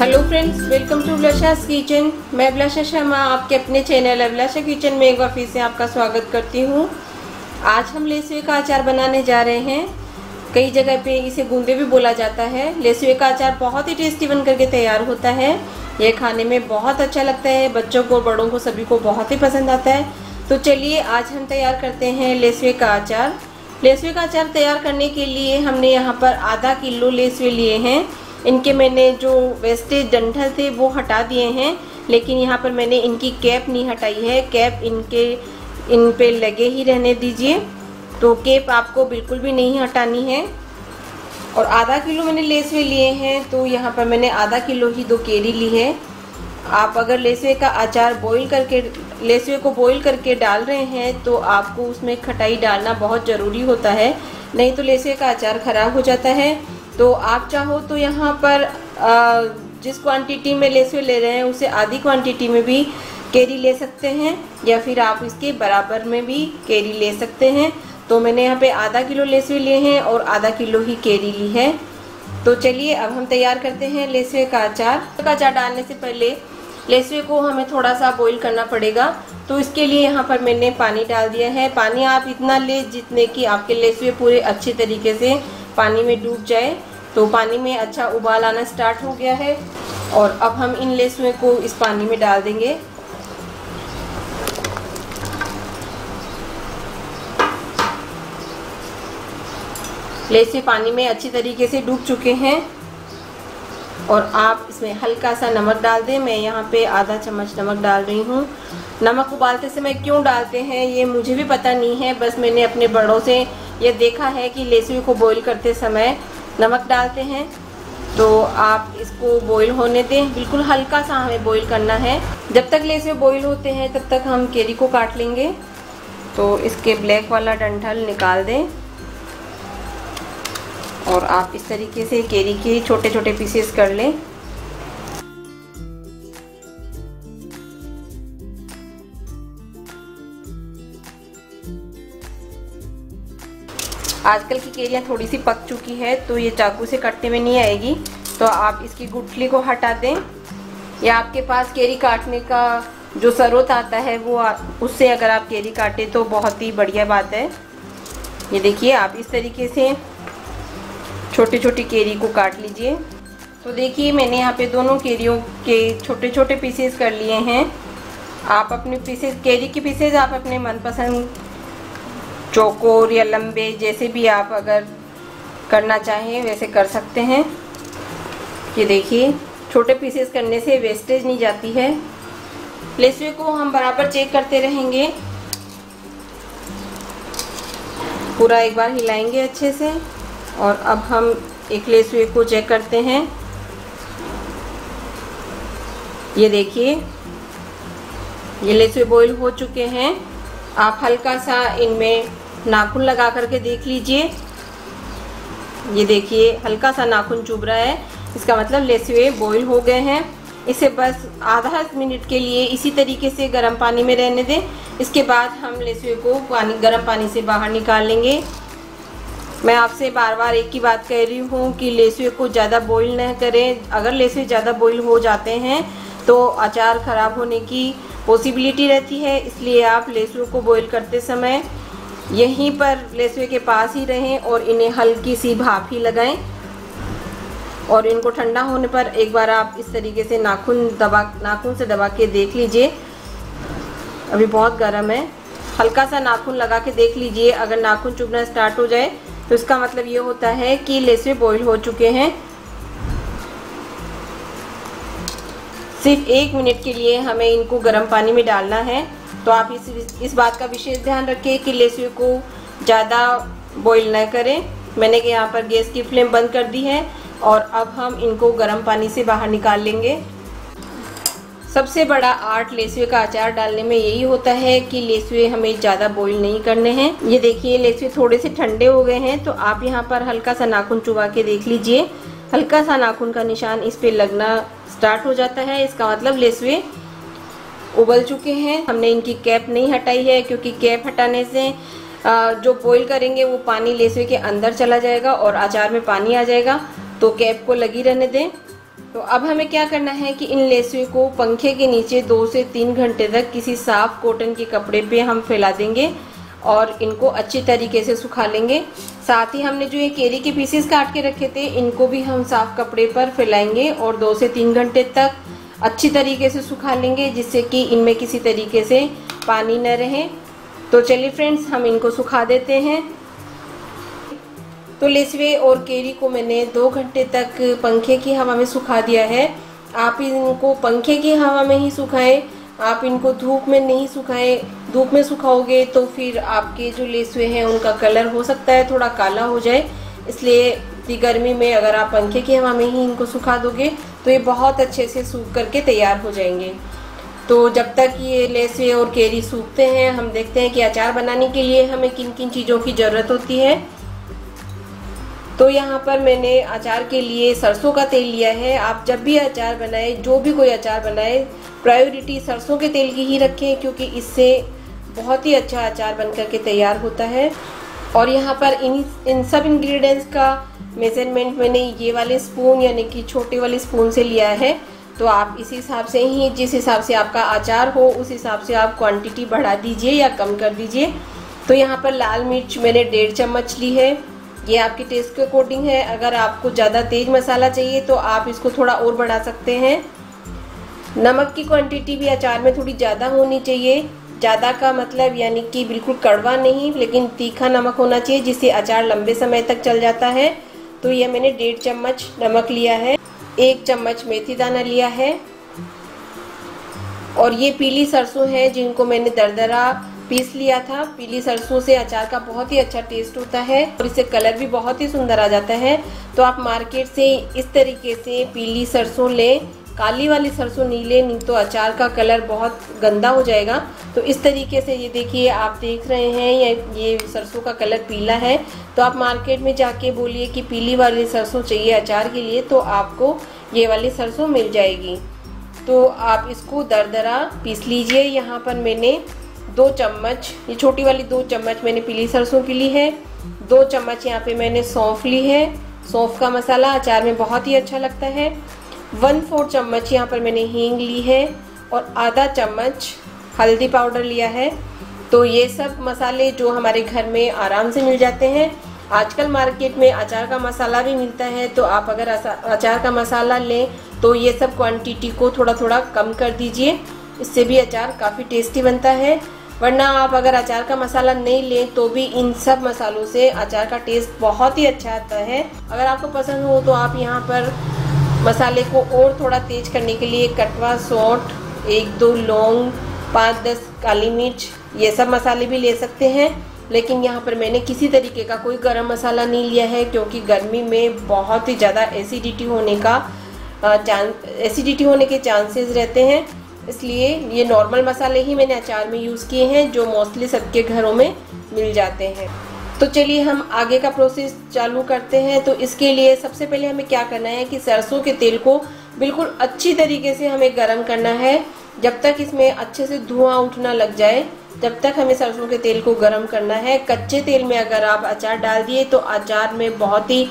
hello friends welcome to Abhilasha's kitchen मैं अभिलाषा शर्मा आपके अपने चैनल अभिलाषा किचन में एक बार फिर से आपका स्वागत करती हूँ आज हम लेसुए का अचार बनाने जा रहे हैं कई जगह पे इसे गूंदे भी बोला जाता है लेसुए का अचार बहुत ही टेस्टी बन करके तैयार होता है यह खाने में बहुत अच्छा लगता है बच्चों को बड़ों को सभी को बहुत ही पसंद आता है तो चलिए आज हम तैयार करते हैं लेसुए का अचार लेसुए का अचार तैयार करने के लिए हमने यहाँ पर आधा किलो लेसुए लिए हैं इनके मैंने जो वेस्टेज डंठल थे वो हटा दिए हैं लेकिन यहाँ पर मैंने इनकी कैप नहीं हटाई है कैप इनके इन पे लगे ही रहने दीजिए तो केप आपको बिल्कुल भी नहीं हटानी है और आधा किलो मैंने लेसवे लिए हैं तो यहाँ पर मैंने आधा किलो ही दो केरी ली है आप अगर लेसवे का अचार बॉईल करके लेसवे को बॉईल करके डाल रहे हैं तो आपको उसमें खटाई डालना बहुत ज़रूरी होता है नहीं तो लेसवे का अचार ख़राब हो जाता है तो आप चाहो तो यहाँ पर आ, जिस क्वांटिटी में लेसुए ले रहे हैं उसे आधी क्वांटिटी में भी केरी ले सकते हैं या फिर आप इसके बराबर में भी केरी ले सकते हैं तो मैंने यहाँ पे आधा किलो लेसुए लिए हैं और आधा किलो ही केरी ली है तो चलिए अब हम तैयार करते हैं लेसुए का अचार का अचार डालने से पहले लेसुए को हमें थोड़ा सा बॉईल करना पड़ेगा तो इसके लिए यहाँ पर मैंने पानी डाल दिया है पानी आप इतना ले जितने कि आपके लेसुए पूरे अच्छे तरीके से पानी में डूब जाए तो पानी में अच्छा उबाल आना स्टार्ट हो गया है और अब हम इन लहसुए को इस पानी में डाल देंगे लहसुए पानी में अच्छी तरीके से डूब चुके हैं और आप इसमें हल्का सा नमक डाल दें मैं यहाँ पे आधा चम्मच नमक डाल रही हूँ नमक उबालते समय क्यों डालते हैं ये मुझे भी पता नहीं है बस मैंने अपने बड़ों से ये देखा है कि लेसवी को बॉईल करते समय नमक डालते हैं तो आप इसको बॉईल होने दें बिल्कुल हल्का सा हमें बॉईल करना है जब तक लेसवे बॉईल होते हैं तब तक हम केरी को काट लेंगे तो इसके ब्लैक वाला डंठल निकाल दें और आप इस तरीके से केरी के छोटे छोटे पीसेस कर लें आजकल की केरियाँ थोड़ी सी पक चुकी है तो ये चाकू से कटने में नहीं आएगी तो आप इसकी गुठली को हटा दें या आपके पास केरी काटने का जो सरोत आता है वो उससे अगर आप केरी काटें तो बहुत ही बढ़िया बात है ये देखिए आप इस तरीके से छोटी छोटी केरी को काट लीजिए तो देखिए मैंने यहाँ पे दोनों केरियों के छोटे छोटे पीसेस कर लिए हैं आप अपने पीसेस केरी के पीसेस आप अपने मनपसंद चौकोर या लंबे जैसे भी आप अगर करना चाहें वैसे कर सकते हैं ये देखिए छोटे पीसेस करने से वेस्टेज नहीं जाती है लेसवे को हम बराबर चेक करते रहेंगे पूरा एक बार हिलाएंगे अच्छे से और अब हम एक लेस को चेक करते हैं ये देखिए ये लेस हुए बॉयल हो चुके हैं आप हल्का सा इनमें नाखून लगा करके देख लीजिए ये देखिए हल्का सा नाखून चुभ रहा है इसका मतलब लेसुए हुए बॉईल हो गए हैं इसे बस आधा मिनट के लिए इसी तरीके से गर्म पानी में रहने दें इसके बाद हम लेसुए को पानी गर्म पानी से बाहर निकाल लेंगे मैं आपसे बार बार एक ही बात कह रही हूँ कि लेसुए को ज़्यादा बॉईल न करें अगर लेसुए ज़्यादा बॉईल हो जाते हैं तो अचार ख़राब होने की पॉसिबिलिटी रहती है इसलिए आप लेसुए को बॉईल करते समय यहीं पर लेसुए के पास ही रहें और इन्हें हल्की सी भाप ही लगाएं और इनको ठंडा होने पर एक बार आप इस तरीके से नाखून दबा नाखून से दबा के देख लीजिए अभी बहुत गर्म है हल्का सा नाखून लगा के देख लीजिए अगर नाखून चुभना स्टार्ट हो जाए तो इसका मतलब ये होता है कि लेसे बॉईल हो चुके हैं सिर्फ एक मिनट के लिए हमें इनको गर्म पानी में डालना है तो आप इस इस बात का विशेष ध्यान रखें कि लेसे को ज़्यादा बॉईल ना करें मैंने यहाँ पर गैस की फ्लेम बंद कर दी है और अब हम इनको गर्म पानी से बाहर निकाल लेंगे सबसे बड़ा आर्ट लेसवे का अचार डालने में यही होता है कि लेसवे हमें ज़्यादा बॉईल नहीं करने हैं ये देखिए लेसवे थोड़े से ठंडे हो गए हैं तो आप यहाँ पर हल्का सा नाखून चुबा के देख लीजिए हल्का सा नाखून का निशान इस पर लगना स्टार्ट हो जाता है इसका मतलब लेसवे उबल चुके हैं हमने इनकी कैप नहीं हटाई है क्योंकि कैप हटाने से जो बॉइल करेंगे वो पानी लेसवे के अंदर चला जाएगा और अचार में पानी आ जाएगा तो कैप को लगी रहने दें तो अब हमें क्या करना है कि इन लेसों को पंखे के नीचे दो से तीन घंटे तक किसी साफ कॉटन के कपड़े पे हम फैला देंगे और इनको अच्छी तरीके से सुखा लेंगे साथ ही हमने जो ये केरी के पीसेस काट के रखे थे इनको भी हम साफ कपड़े पर फैलाएंगे और दो से तीन घंटे तक अच्छी तरीके से सुखा लेंगे जिससे कि इनमें किसी तरीके से पानी न रहे तो चलिए फ्रेंड्स हम इनको सुखा देते हैं तो लेसवे और केरी को मैंने दो घंटे तक पंखे की हवा में सुखा दिया है आप इनको पंखे की हवा में ही सुखाएं आप इनको धूप में नहीं सुखाएं धूप में सुखाओगे तो फिर आपके जो लेसवे हैं उनका कलर हो सकता है थोड़ा काला हो जाए इसलिए गर्मी में अगर आप पंखे की हवा में ही इनको सुखा दोगे तो ये बहुत अच्छे से सूख करके तैयार हो जाएंगे तो जब तक ये लेसवे और केरी सूखते हैं हम देखते हैं कि अचार बनाने के लिए हमें किन किन चीज़ों की ज़रूरत होती है तो यहाँ पर मैंने अचार के लिए सरसों का तेल लिया है आप जब भी अचार बनाएं जो भी कोई अचार बनाए प्रायोरिटी सरसों के तेल की ही रखें क्योंकि इससे बहुत ही अच्छा अचार बन करके तैयार होता है और यहाँ पर इन इन सब इंग्रेडिएंट्स का मेज़रमेंट मैंने ये वाले स्पून यानी कि छोटे वाले स्पून से लिया है तो आप इसी हिसाब से ही जिस हिसाब से आपका अचार हो उस हिसाब से आप क्वान्टिटी बढ़ा दीजिए या कम कर दीजिए तो यहाँ पर लाल मिर्च मैंने डेढ़ चम्मच ली है ये आपके टेस्ट के अकॉर्डिंग है अगर आपको ज़्यादा तेज मसाला चाहिए तो आप इसको थोड़ा और बढ़ा सकते हैं नमक की क्वांटिटी भी अचार में थोड़ी ज़्यादा होनी चाहिए ज़्यादा का मतलब यानी कि बिल्कुल कड़वा नहीं लेकिन तीखा नमक होना चाहिए जिससे अचार लंबे समय तक चल जाता है तो यह मैंने डेढ़ चम्मच नमक लिया है एक चम्मच मेथी दाना लिया है और ये पीली सरसों है जिनको मैंने दरदरा पीस लिया था पीली सरसों से अचार का बहुत ही अच्छा टेस्ट होता है और इससे कलर भी बहुत ही सुंदर आ जाता है तो आप मार्केट से इस तरीके से पीली सरसों ले काली वाली सरसों नहीं लें तो अचार का कलर बहुत गंदा हो जाएगा तो इस तरीके से ये देखिए आप देख रहे हैं ये ये सरसों का कलर पीला है तो आप मार्केट में जाके बोलिए कि पीली वाली सरसों चाहिए अचार के लिए तो आपको ये वाली सरसों मिल जाएगी तो आप इसको दरदरा पीस लीजिए यहाँ पर मैंने दो चम्मच ये छोटी वाली दो चम्मच मैंने पीली सरसों की ली है दो चम्मच यहाँ पे मैंने सौंफ ली है सौंफ का मसाला अचार में बहुत ही अच्छा लगता है वन फोर चम्मच यहाँ पर मैंने हींग ली है और आधा चम्मच हल्दी पाउडर लिया है तो ये सब मसाले जो हमारे घर में आराम से मिल जाते हैं आजकल मार्केट में अचार का मसाला भी मिलता है तो आप अगर अचार का मसाला लें तो ये सब क्वांटिटी को थोड़ा थोड़ा कम कर दीजिए इससे भी अचार काफ़ी टेस्टी बनता है वरना आप अगर अचार का मसाला नहीं लें तो भी इन सब मसालों से अचार का टेस्ट बहुत ही अच्छा आता है अगर आपको पसंद हो तो आप यहाँ पर मसाले को और थोड़ा तेज करने के लिए कटवा सौट एक दो लौंग पाँच दस काली मिर्च ये सब मसाले भी ले सकते हैं लेकिन यहाँ पर मैंने किसी तरीके का कोई गरम मसाला नहीं लिया है क्योंकि गर्मी में बहुत ही ज़्यादा एसिडिटी होने का चांस एसिडिटी होने के चांसेस रहते हैं इसलिए ये नॉर्मल मसाले ही मैंने अचार में यूज़ किए हैं जो मोस्टली सबके घरों में मिल जाते हैं तो चलिए हम आगे का प्रोसेस चालू करते हैं तो इसके लिए सबसे पहले हमें क्या करना है कि सरसों के तेल को बिल्कुल अच्छी तरीके से हमें गर्म करना है जब तक इसमें अच्छे से धुआं उठना लग जाए जब तक हमें सरसों के तेल को गर्म करना है कच्चे तेल में अगर आप अचार डाल दिए तो अचार में बहुत ही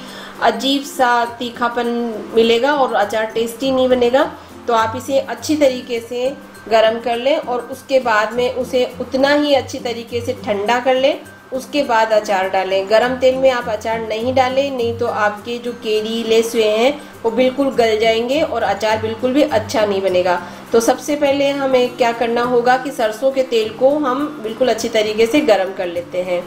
अजीब सा तीखापन मिलेगा और अचार टेस्टी नहीं बनेगा तो आप इसे अच्छी तरीके से गर्म कर लें और उसके बाद में उसे उतना ही अच्छी तरीके से ठंडा कर लें उसके बाद अचार डालें गरम तेल में आप अचार नहीं डालें नहीं तो आपके जो केरी लेस हुए हैं वो बिल्कुल गल जाएंगे और अचार बिल्कुल भी अच्छा नहीं बनेगा तो सबसे पहले हमें क्या करना होगा कि सरसों के तेल को हम बिल्कुल अच्छी तरीके से गर्म कर लेते हैं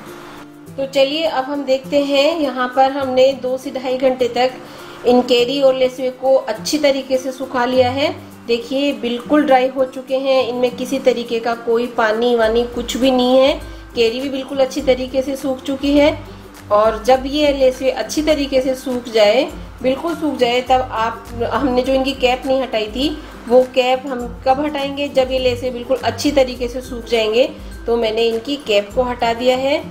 तो चलिए अब हम देखते हैं यहाँ पर हमने दो से ढाई घंटे तक इन कैरी और लेसवे को अच्छी तरीके से सुखा लिया है देखिए बिल्कुल ड्राई हो चुके हैं इनमें किसी तरीके का कोई पानी वानी कुछ भी नहीं है कैरी भी बिल्कुल अच्छी तरीके से सूख चुकी है और जब ये लेसवे अच्छी तरीके से सूख जाए बिल्कुल सूख जाए तब आप हमने जो इनकी कैप नहीं हटाई थी वो कैप हम कब हटाएंगे जब ये लेसे बिल्कुल अच्छी तरीके से सूख जाएंगे तो मैंने इनकी कैप को हटा दिया है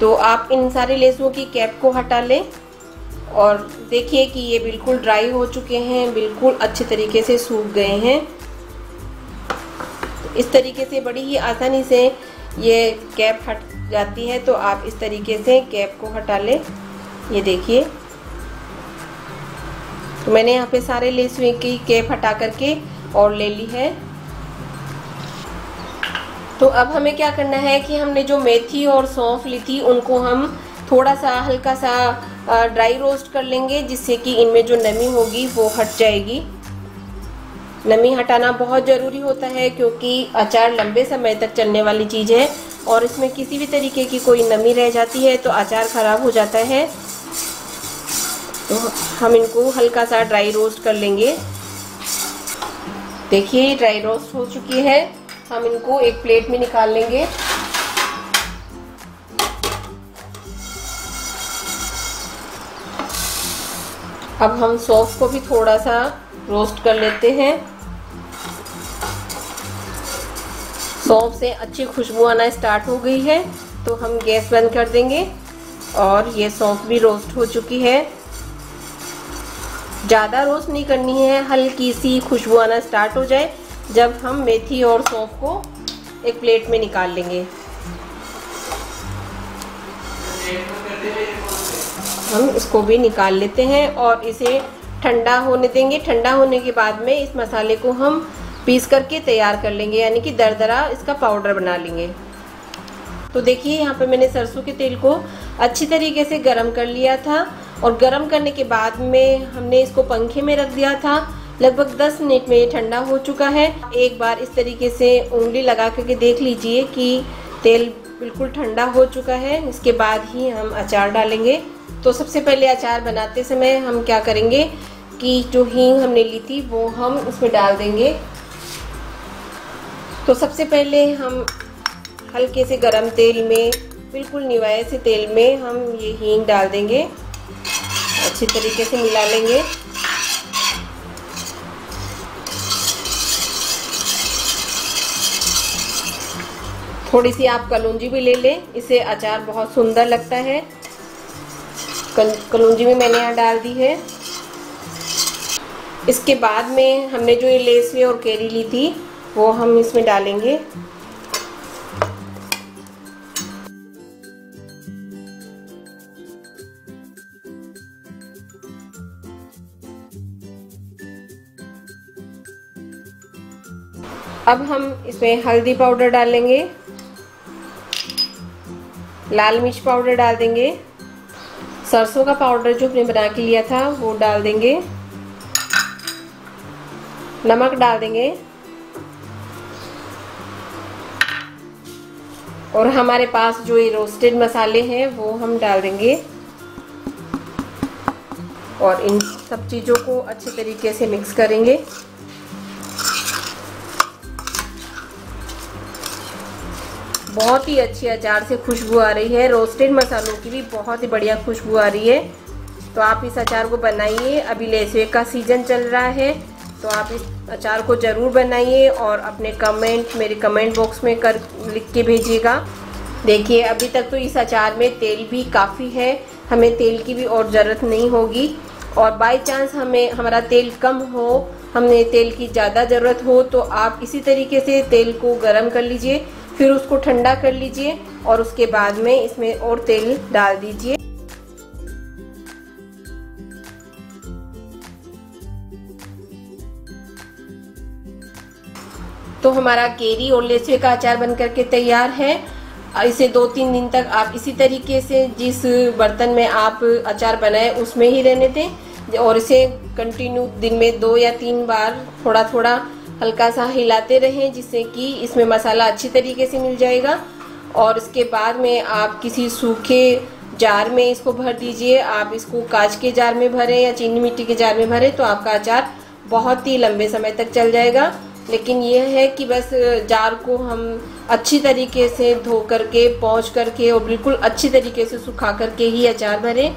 तो आप इन सारे लेसों की कैप को हटा लें और देखिए कि ये बिल्कुल ड्राई हो चुके हैं बिल्कुल अच्छे तरीके से सूख गए हैं तो इस तरीके से बड़ी ही आसानी से ये कैप हट जाती है तो आप इस तरीके से कैप को हटा लें ये देखिए तो मैंने यहाँ पे सारे लेस की कैप हटा करके और ले ली है तो अब हमें क्या करना है कि हमने जो मेथी और सौंफ ली थी उनको हम थोड़ा सा हल्का सा ड्राई रोस्ट कर लेंगे जिससे कि इनमें जो नमी होगी वो हट जाएगी नमी हटाना बहुत ज़रूरी होता है क्योंकि अचार लंबे समय तक चलने वाली चीज़ है और इसमें किसी भी तरीके की कोई नमी रह जाती है तो अचार ख़राब हो जाता है तो हम इनको हल्का सा ड्राई रोस्ट कर लेंगे देखिए ड्राई रोस्ट हो चुकी है हम इनको एक प्लेट में निकाल लेंगे अब हम सौस को भी थोड़ा सा रोस्ट कर लेते हैं सौंफ से अच्छी खुशबू आना स्टार्ट हो गई है तो हम गैस बंद कर देंगे और ये सौंफ भी रोस्ट हो चुकी है ज़्यादा रोस्ट नहीं करनी है हल्की सी खुशबू आना स्टार्ट हो जाए जब हम मेथी और सौंफ को एक प्लेट में निकाल लेंगे हम इसको भी निकाल लेते हैं और इसे ठंडा होने देंगे ठंडा होने के बाद में इस मसाले को हम पीस करके तैयार कर लेंगे यानी कि दरदरा इसका पाउडर बना लेंगे तो देखिए यहाँ पे मैंने सरसों के तेल को अच्छी तरीके से गरम कर लिया था और गरम करने के बाद में हमने इसको पंखे में रख दिया था लगभग 10 मिनट में ये ठंडा हो चुका है एक बार इस तरीके से उंगली लगा करके देख लीजिए कि तेल बिल्कुल ठंडा हो चुका है इसके बाद ही हम अचार डालेंगे तो सबसे पहले अचार बनाते समय हम क्या करेंगे कि जो हींग हमने ली थी वो हम उसमें डाल देंगे तो सबसे पहले हम हल्के से गरम तेल में बिल्कुल निवाए से तेल में हम ये हींग डाल देंगे अच्छे तरीके से मिला लेंगे थोड़ी सी आप कलौजी भी ले लें इसे अचार बहुत सुंदर लगता है कल कलूंजी भी मैंने यहाँ डाल दी है इसके बाद में हमने जो ये ली और कैरी ली थी वो हम इसमें डालेंगे अब हम इसमें हल्दी पाउडर डालेंगे लाल मिर्च पाउडर डाल देंगे सरसों का पाउडर जो हमने बना के लिया था वो डाल देंगे नमक डाल देंगे और हमारे पास जो ये रोस्टेड मसाले हैं वो हम डाल देंगे और इन सब चीज़ों को अच्छे तरीके से मिक्स करेंगे बहुत ही अच्छी अचार से खुशबू आ रही है रोस्टेड मसालों की भी बहुत ही बढ़िया खुशबू आ रही है तो आप इस अचार को बनाइए अभी लेसवे का सीज़न चल रहा है तो आप इस अचार को ज़रूर बनाइए और अपने कमेंट मेरे कमेंट बॉक्स में कर लिख के भेजिएगा देखिए अभी तक तो इस अचार में तेल भी काफ़ी है हमें तेल की भी और ज़रूरत नहीं होगी और बाय चांस हमें हमारा तेल कम हो हमने तेल की ज़्यादा ज़रूरत हो तो आप इसी तरीके से तेल को गर्म कर लीजिए फिर उसको ठंडा कर लीजिए और उसके बाद में इसमें और तेल डाल दीजिए तो हमारा केरी और लेसवे का अचार बन करके तैयार है इसे दो तीन दिन तक आप इसी तरीके से जिस बर्तन में आप अचार बनाए उसमें ही रहने दें और इसे कंटिन्यू दिन में दो या तीन बार थोड़ा थोड़ा हल्का सा हिलाते रहें जिससे कि इसमें मसाला अच्छी तरीके से मिल जाएगा और उसके बाद में आप किसी सूखे जार में इसको भर दीजिए आप इसको कांच के जार में भरें या चीनी मिट्टी के जार में भरें तो आपका अचार बहुत ही लंबे समय तक चल जाएगा लेकिन यह है कि बस जार को हम अच्छी तरीके से धो करके पहुँच करके और बिल्कुल अच्छी तरीके से सुखा करके ही अचार भरें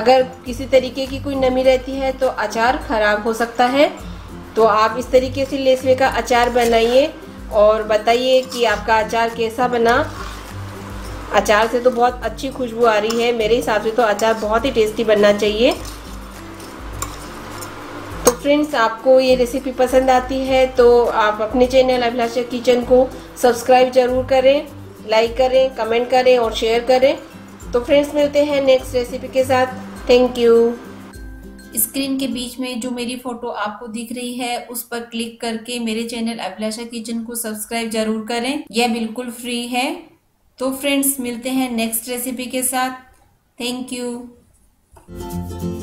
अगर किसी तरीके की कोई नमी रहती है तो अचार खराब हो सकता है तो आप इस तरीके से लेसवे का अचार बनाइए और बताइए कि आपका अचार कैसा बना अचार से तो बहुत अच्छी खुशबू आ रही है मेरे हिसाब से तो अचार बहुत ही टेस्टी बनना चाहिए तो फ्रेंड्स आपको ये रेसिपी पसंद आती है तो आप अपने चैनल अभिलाषा किचन को सब्सक्राइब जरूर करें लाइक करें कमेंट करें और शेयर करें तो फ्रेंड्स मिलते हैं नेक्स्ट रेसिपी के साथ थैंक यू स्क्रीन के बीच में जो मेरी फ़ोटो आपको दिख रही है उस पर क्लिक करके मेरे चैनल अभिलाषा किचन को सब्सक्राइब जरूर करें यह बिल्कुल फ्री है तो फ्रेंड्स मिलते हैं नेक्स्ट रेसिपी के साथ थैंक यू